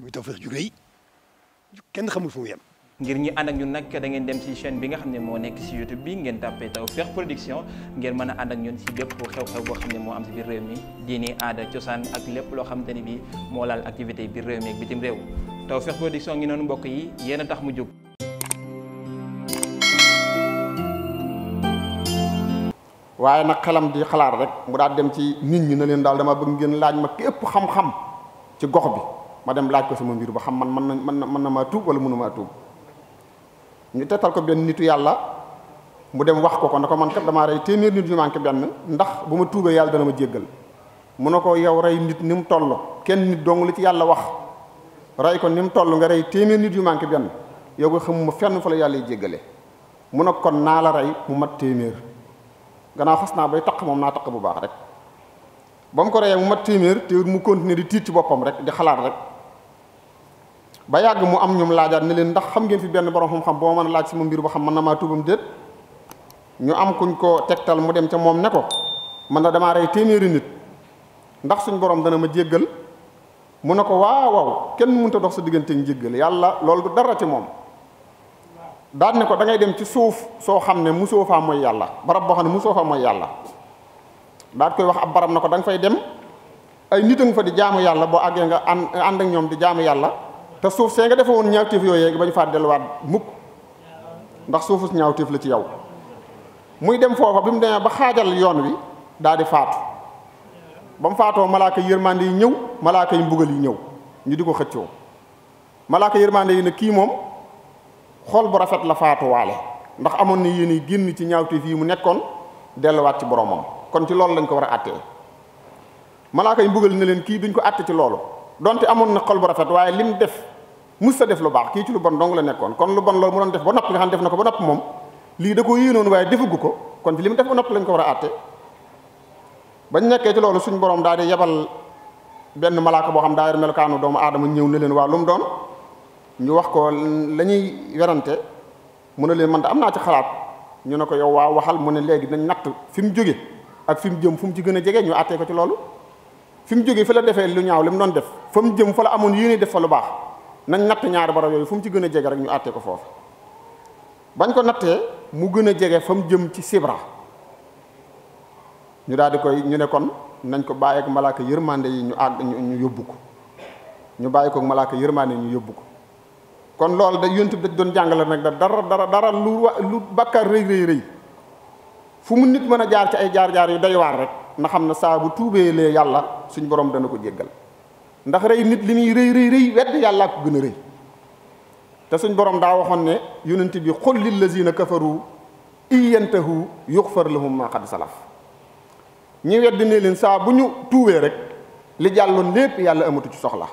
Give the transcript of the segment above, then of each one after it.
muy Tawfekh ju rëy kenn xamul fu mu ngir ñi ànd ak ñun nag dangeen dem ci chaîne bi nga xam ne moo nekk ci YouTube bi ngeen tàppee Tawfekh Production ngeen mën a ànd ak ñun ci bépp xew-xew boo xam ne moo am ci biir réew mi diini aada cosaan ak lépp loo xamante ni bi moo laal activité biir réew mi ak bitim réew Tawfekh Production ngi noonu mbokk yi yéen a tax mu jóg. waaye nag xelam di xalaat rek mu daal dem ci nit ñi na leen daal dama bëgg ngeen laaj ma képp xam ci gox bi. ma dem laaj ko sama mbir ba xam man mën na mën na mën na maa tuub wala mënu maa tuub ñu tegtal ko benn nitu yàlla mu dem wax ko ko ne ko man kat damaa rey téeméer nit ñu manqué benn ndax bu ma tuubee yàlla dana ma jéggal mu ne ko yow rey nit ni mu toll kenn nit dong li ci yàlla wax rey ko ni mu toll nga rey téeméer nit yu manqué benn yow ko xamuma fenn fa la yàlla jéggale mu ne kon naa la rey mu mat téeméer gannaaw xas naa bay taq moom naa taq bu baax rek ba mu ko reyee mu mat téeméer te mu continuer di tiit ci boppam rek di xalaat rek ba yàgg mu am ñoom laajaat ne leen ndax xam ngeen fi benn borom xam-xam boo mën a laaj sama mbir ma xam mën na maa tuubam déet ñu am kuñ ko tegtal mu dem ca moom ne ko man na damaa rey téeméeri nit ndax suñ borom dana ma jéggal mu ne ko waaw kenn mënut a dox sa diggante njéggal yàlla loolu du dara ci moom daan ne ko da dem ci suuf soo xam ne musoo faa mooy yàlla barab boo xam ne musoo faa mooy yàlla daat koy wax ab barab na ko da nga fay dem ay nit a fa di jaamu yàlla boo àggee nga ànd ak ñoom di jaamu yàlla te suuf see nga defe woon ñaawteef yooyu bañ faa delluwaat mukk ndax suufus ñaawteef la ci yow muy dem foofa bi mu demee ba xaajal yoon wi daal faatu ba mu faatoo malaaka yërmande yi ñëw malaaka yi mbugal yi ñëw ñu di ko xëccoo malaaka yërmande yi ne kii moom xol bu rafet la faatuwaale ndax amoon na yéen yi génn ci ñaawteef yi mu nekkoon delluwaat ci boromam kon ci loolu lañ ko war a àttee malaaka yi mbugal na leen kii duñ ko àtte ci loolu donte amoon na xol bu rafet waaye lim def mus sa def lu baax kii ci lu bon dong la nekkoon kon lu bon loolu mu doon def ba noppi nga xam ne def na ko ba noppi moom lii da ko yéenoon waaye defagu ko kon ci li mu def ba noppi lañ ko war a àtte bañ nekkee ci loolu suñ boroom daal di yebal benn malaaka boo xam daa yor kaanu doomu aadama ñëw ne leen waa lu mu doon ñu wax ko lañuy ñuy werante mu ne leen man da am naa ci xalaat ñu ne ko yow waa waxal mu ne léegi nañ natt fi mu jóge ak fi mu jëm fu mu ci gën a jege ñu àttee ko ci loolu fi mu jógee fi la defee lu ñaaw li mu doon def fa mu jëm fa la amoon yéene def fa baax nañ natt ñaari barab yooyu fu mu ci gën a jege rek ñu àttee ko foofu bañ ko nattee mu gën a jege fa mu jëm ci sibra ñu daal di koy ñu ne kon nañ ko bàyyi ak malaaka yërmande yi ñu àgg ñu yóbbu ko ñu bàyyi ko malaaka yërmande ñu yóbbu ko kon loolu da yonent bi da doon jàngale nag da dara dara dara lu lu bakkaar rëy rëy rëy fu mu nit mën a jaar ci ay jaar-jaar yu doy waar rek na xam ne saa bu tuubee lee yàlla suñ boroom dana ko jéggal ndax rey nit li muy rëy rëy rëy wedd yàllaa ko gën a rëy te suñ borom daa waxoon ne yonent bi la lillazina kafaru in yantahu yuxfar lahum ma qad salaf ñi wedd ne leen saa bu ñu tuuwee rek li jàlloon lépp yàlla amatu ci soxla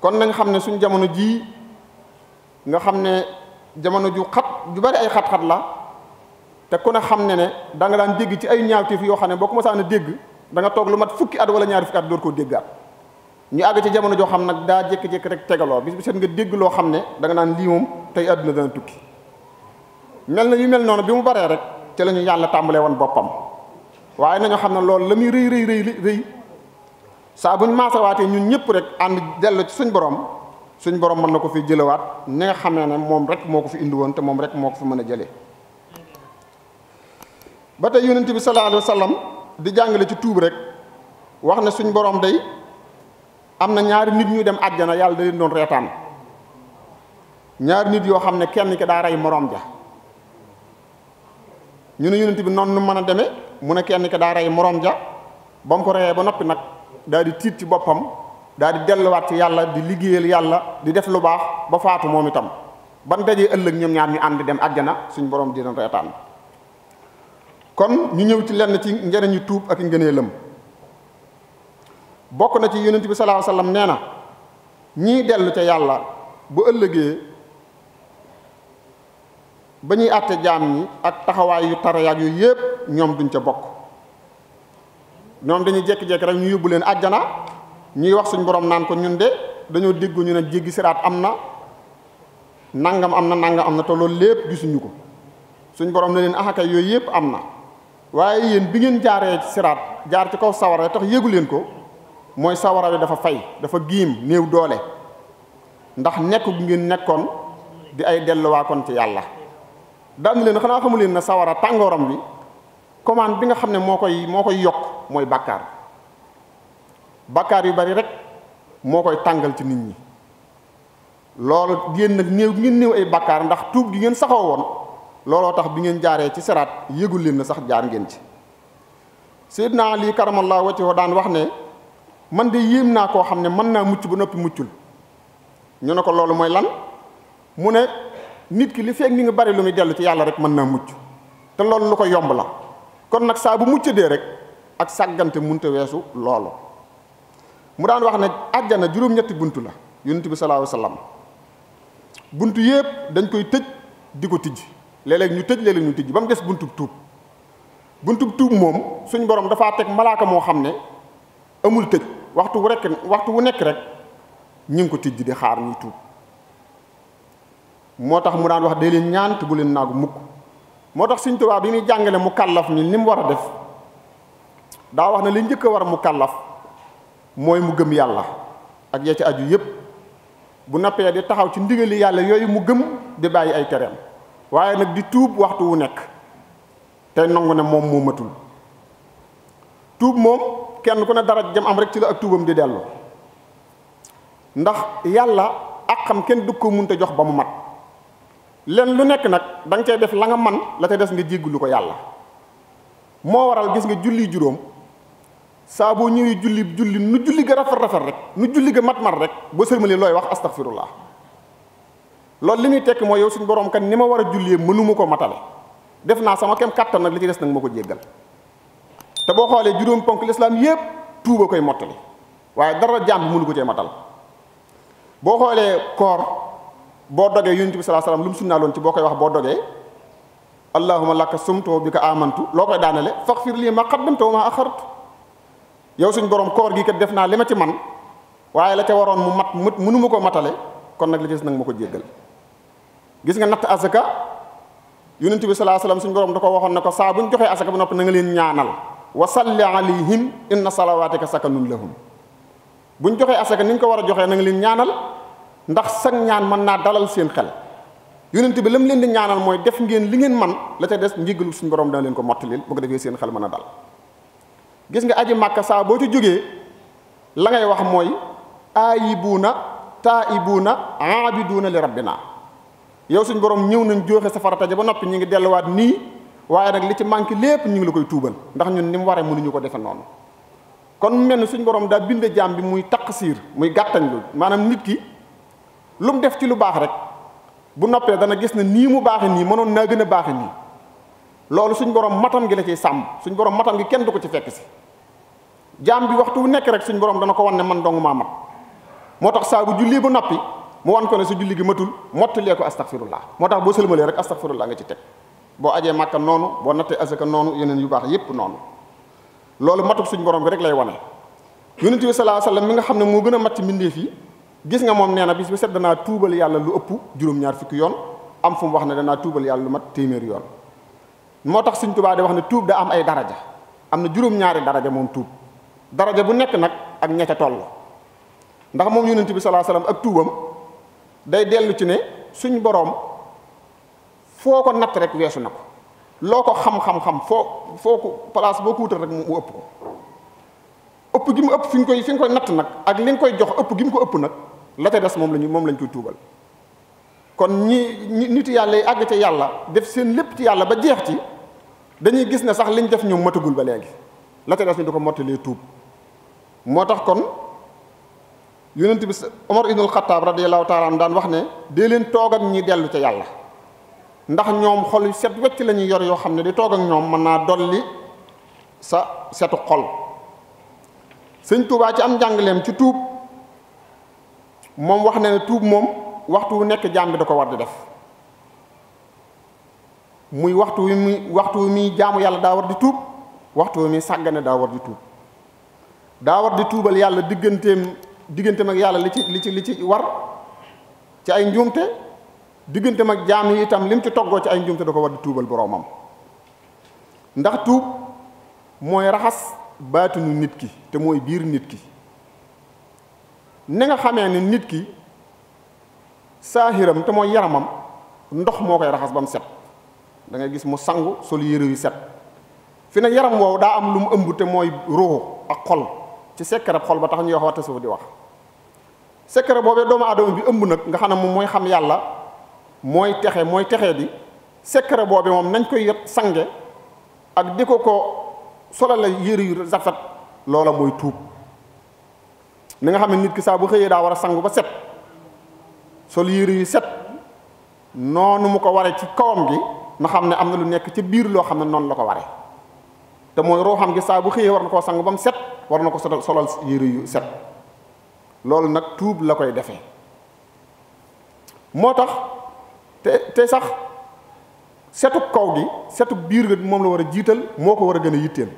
kon nañ xam ne suñ jamono jii nga xam ne jamono ju xat ju bari ay xat-xat la te ku ne xam ne ne da nga daan dégg ci ay ñaawteef yoo xam ne boo ko saa a dégg da nga toog lu mat fukki at wala ñaari fukki at door koo déggaat ñu àgg ci jamono joo xam nag daa jékki-jékki rek tegaloo bis bu set nga dégg loo xam ne danga nga naan lii moom tey àdduna dana tukki mel na yu mel noonu bi mu baree rek ci lañu yàlla tàmbalee woon boppam waaye nañu xam ne loolu la muy rëy rëy rëy rëy saa buñ maasawaatee ñun ñëpp rek ànd dellu ci suñ boroom suñ borom mën na ko fi jëlawaat ni nga xamee ne moom rek moo ko fi indi woon te moom rek moo ko fi mën a jëlee ba tey yonent bi sallallahu alayhi wa di jàngale ci tuub rek wax ne suñ borom day am na ñaari nit ñuy dem àjjana yàlla da leen doon reetaan ñaari nit yoo xam ne kenn ki daa rey moroom ja ñu ne yonent bi noonu nu mën a demee mu ne kenn ki daa rey moroom ja ba mu ko reyee ba noppi nag daal di tiit ci boppam daal di delluwaat ci yàlla di liggéeyal yàlla di def lu baax ba faatu moom itam ban dajee ëllëg ñoom ñaar ñu ànd dem àjjana suñ borom di leen reetaan kon ñu ñëw ci lenn ci njëriñu tuub ak ngëneelam bokk na ci yonent bi sallallahu alayhi wasallam nee na ñii dellu ca yàlla bu ëllëgee ba ñuy àtte jaam ñi ak taxawaay yu tara yaag yooyu yépp ñoom duñ ca bokk ñoom dañuy jékki-jékki rek ñu yóbbu leen àjjana ñuy wax suñ borom naan ko ñun de dañoo déggu ñu ne jéggi siraat am na nangam am na nangam am na te lépp gisuñu ko suñ borom ne leen axakay yooyu yépp am na waaye yéen bi ngeen jaaree siraat jaar ci kaw sawara tax yéegu leen ko mooy sawara wi dafa fay dafa giim néew doole ndax nekk gu ngeen nekkoon di ay delluwaakon ci yàlla daan leen xanaa xamu leen ne sawara tàngooram bi commande bi nga xam ne moo koy moo koy yokk mooy bàkkaar bàkkaar yu bari rek moo koy tàngal ci nit ñi lool yéen nag néew gi ngeen néew ay bàkkaar ndax tuub gi ngeen saxoo woon looloo tax bi ngeen jaaree ci siraat yëgul leen na sax jaar ngeen ci naa lii Seydina Ali karamallahu wajhahu daan wax ne man de yéem naa koo xam ne mën naa mucc ba noppi muccul ñu ne ko loolu mooy lan mu ne nit ki li feeg ni nga bari lu muy dellu ci yàlla rek mën naa mucc te loolu lu ko yomb la kon nag saa bu mucc dee rek ak sàggante munta weesu loolu mu daan wax ne àjjana juróom-ñetti bunt la yonent bi salaahu salaam bunt yëpp dañ koy tëj di ko tijj léeg ñu tëj léeg-léeg ñu tijj ba mu des buntub tuub buntub tuub moom suñ borom dafa teg malaaka moo xam ne amul tëj waxtu wu rek waxtu wu nekk rek ñu ngi ko tijji di xaar ñuy tuub moo tax mu daan wax dee leen ñaan bu leen naagu mukk moo tax Sëñ Tuubaa bi muy jàngale mu kàllaf ni ni mu war a def daa wax na li njëkk a war a mu kàllaf mooy mu gëm yàlla ak ya ci aju yépp bu nappee di taxaw ci ndigali yàlla yooyu mu gëm di bàyyi ay tereem waaye nag di tuub waxtu wu nekk tey nangu ne moom moo matul tuub moom kenn ku ne dara jëm am rek ci la ak tuubam di dellu ndax yàlla ak xam kenn du ko munta jox ba mu mat leen lu nekk nag da cee def la nga man la ca des nga jéggulu ko yàlla moo waral gis nga julli juróom saa boo ñëwee julli julli nu julli ga rafet rafet rek nu julli ga mat mat rek boo sërmali looy wax astaghfirullah loolu li muy tekk mooy yow suñu borom kan ni ma war a jullee mënuma ko matale def naa sama kem kàttan nag li ci des nag ma ko jéggal te boo xoolee juróom ponk lislaam yépp tuuba koy mottali waaye dara jàmm mënu ko cee matal boo xoolee koor boo dogee yonent bi sallallahu alayhi wasallam lu mu sunnaa loon ci boo koy wax boo dogee allahuma laka sumtu wa bika amantu loo koy daanale faghfir lii ma qaddamtu wa ma axartu yow suñ borom koor gi kat def naa li ma ci man waaye la ca waroon mu mat mu mënu ma koo matale kon nag li des nag ma ko jéggal gis nga natt asaka yonent bi sallallahu alayhi wasallam suñ borom da ko waxoon ne ko saa buñ joxee asaka ba noppi na nga leen ñaanal wa salli alayhim inna salawaatika sakanun bu ñu joxee asaka ni ñu ko war a joxee na nga leen ñaanal ndax sag ñaan mën naa dalal seen xel yonent bi la mu leen di ñaanal mooy def ngeen li ngeen man la ca des njéggalu suñ borom dana leen ko mottalil bu ko defee seen xel mën a dal gis nga aji màkka saa boo ci jógee la ngay wax mooy aayibuuna taayibuuna aabiduuna li rabbina yow suñ borom ñëw nañ joxe sa farata ba noppi ñu ngi delluwaat nii waaye nag li ci manqué lépp ñu ngi la koy tuubal ndax ñun ni mu waree ñu ko defe noonu kon mel ni suñ borom daa binde jaam bi muy siir muy gàttañ lu maanaam nit ki lu mu def ci lu baax rek bu noppee dana gis ne nii mu baaxe nii mënoon naa gën a baaxe nii loolu suñ borom matam gi la ciy sàmm suñ borom matam gi kenn du ko ci fekk si jaam bi waxtu wu nekk rek suñ borom dana ko wan ne man dong maa mat moo tax saa bu julli ba noppi mu wan ko ne sa julli gi matul mottalee ko astaghfirullah moo tax boo sëlmalee rek astaghfirullah nga ci teg boo ajee màkka noonu boo nattee asaka noonu yeneen yu baax yépp noonu loolu matub suñ borom bi rek lay wane yonent bi salaa sallam mi nga xam ne moo gën a mat ci mbindeef yi gis nga moom nee na bis bi set danaa tuubal yàlla lu ëpp juróom-ñaar fukki yoon am fu mu wax ne danaa tuubal yàlla lu mat téeméer yoon moo tax suñ tubaa di wax ne tuub da am ay daraja am na juróom-ñaari daraja moom tuub daraja bu nekk nag ak ña ca toll ndax moom yonent bi salaa sallam ak tuubam dellu ci ne suñ boroom foo ko natt rek weesu na ko loo ko xam-xam-xam foo foo ko place boo ko wutal rek mu ëpp ko ëpp gi mu ëpp fi nga koy natt nag ak li nga koy jox ëpp gi mu ko ëpp nag la ca des moom lañu moom lañ koy tuubal kon ñi nit yàlla yi àgg ca yàlla def seen lépp ci yàlla ba jeex ci dañuy gis ne sax liñ def ñoom matagul ba léegi la ca des ñu di ko mottalee tuub moo tax kon yonent bi Omar ibnul Xattaab radiyallaahu taala daan wax ne dee leen toog ak dellu ca yàlla ndax ñoom xol yu set wecc la ñuy yor yoo xam ne di toog ak ñoom mën naa dolli sa setu xol sëñ Tuubaa ci am njàngaleem ci tuub moom wax na ne tuub moom waxtu wu nekk jaam bi da ko war di def muy waxtu wi muy waxtu wi muy jaamu yàlla daa war di tuub waxtu wi muy sàggane daa war di tuub daa war di tuubal yàlla digganteem digganteem ak yàlla li ci li ci li ci war ci ay njuumte diggante mag jaam yi itam lim ci toggoo ci ay njumte da ko war di tuubal boroomam ndax tuub mooy raxas baatinu nit ki te mooy biir nit ki ni nga xamee ne nit ki saahiram te mooy yaramam ndox moo koy raxas ba mu set dangay gis mu sangu sol yére yu set fi ne yaram woowu daa am lu mu ëmb te mooy ruuxu ak xol ci sekkarab xol ba tax ñuy wax waxta suuf di wax sekkare boobee doomu aadama bi ëmb nag nga xam ne moom mooy xam yàlla mooy texe mooy texe di secret boobu moom nañ koy yëpp sange ak di ko ko solal la yére yu rafet loola mooy tuub ni nga xam ne nit ki saa bu xëyee daa war a sangu ba set sol yére yu set noonu mu ko waree ci kawam gi na xam ne am na lu nekk ci biir loo xam ne noonu la ko waree te mooy roo xam gi saa bu xëyee war na koo sang ba mu set war na ko solal solal yére yu set loolu nag tuub la koy defee moo tax te te sax setu kaw gi setuk biir gi moom la war a jiital moo ko war a gën a yitteel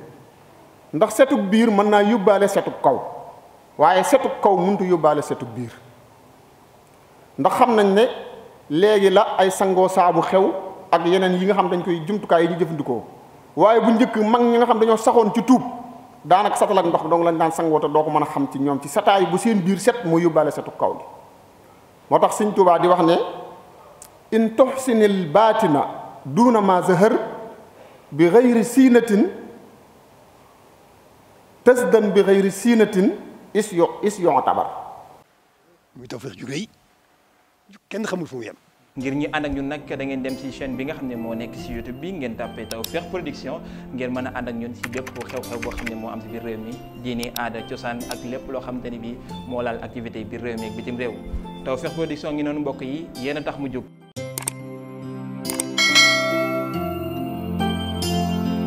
ndax setuk biir mën naa yóbbaale setuk kaw waaye setuk kaw mënut yóbbaale setuk biir ndax xam nañ ne léegi la ay sangoo saabu xew ak yeneen yi nga xam dañ koy jumtukaay yi ñu jëfandikoo waaye bu njëkk mag ñi nga xam dañoo saxoon ci tuub daanaka satal ak ndox dong lañ daan sangoo te ko mën a xam ci ñoom ci sataay bu seen biir set moo yóbbaale setuk kaw gi moo tax Sëñ Tuubaa di wax ne in tuxsinil baatina duuna ma zahër bi xëyri siinatin tësdan bi xëyri siinatin is yo is yo tabar muy Tawfekh ju rëy kenn xamul fu mu yem ngir ñi ànd ak ñun nag da ngeen dem ci chaine bi nga xam ne moo nekk ci YouTube bi ngeen tàppee Tawfekh Production ngeen mën a ànd ak ñun ci bépp xew-xew boo xam ne moo am ci biir réew mi diini aada cosaan ak lépp loo xamante ni bi moo laal activité biir réew mi ak bitim réew Tawfekh Production ngi noonu mbokk yi yéen a tax mu jóg